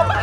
Come on!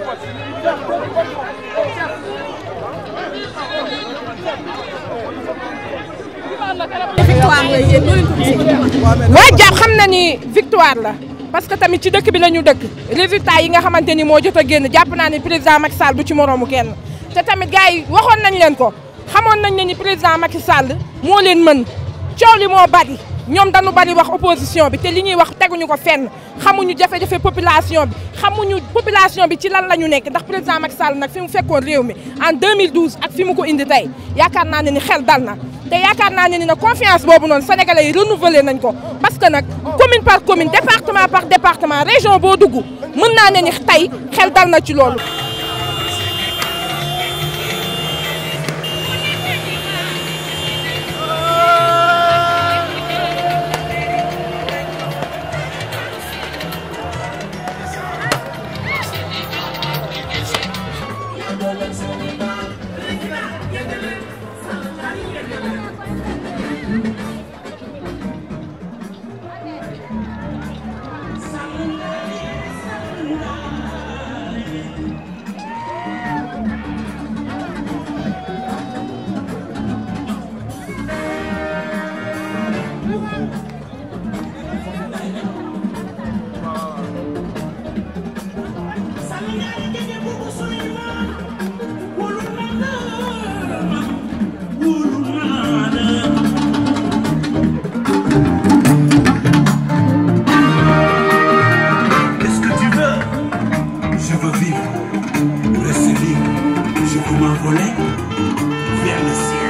waa jàpp xam na ni victoire la parce que tamit ci dëkk bi la ñu dëkk résultat yi nga xamante ni moo jot a génn jàpp naa ni président Macky Sall du ci moroomu kenn te tamit gars waxoon nañ leen ko xamoon nañ ne ni président Macky moo leen mën coow moo bari ñom dañu bari wax opposition bi té li ñuy wax teguñu ñuko fenn xamuñu jafé jafé population bi xamuñu population bi ci lan la nekk ndax président Macky Sall nak fimu mu réew mi en 2012 ak fimu ko indi tay yaakaar naa ne ni xel dal na té yaakaar naa ne ni na confiance bobu non sénégalais yi renouveler nañ ko parce que nak commune par commune département par département région bo dugg mën naa ni tey xel dal na ci loolu Velho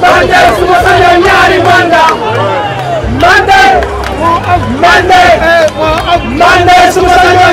Mandé su ma sañoon ñaari mandat Mandé Mandé Mandé su ma sañoon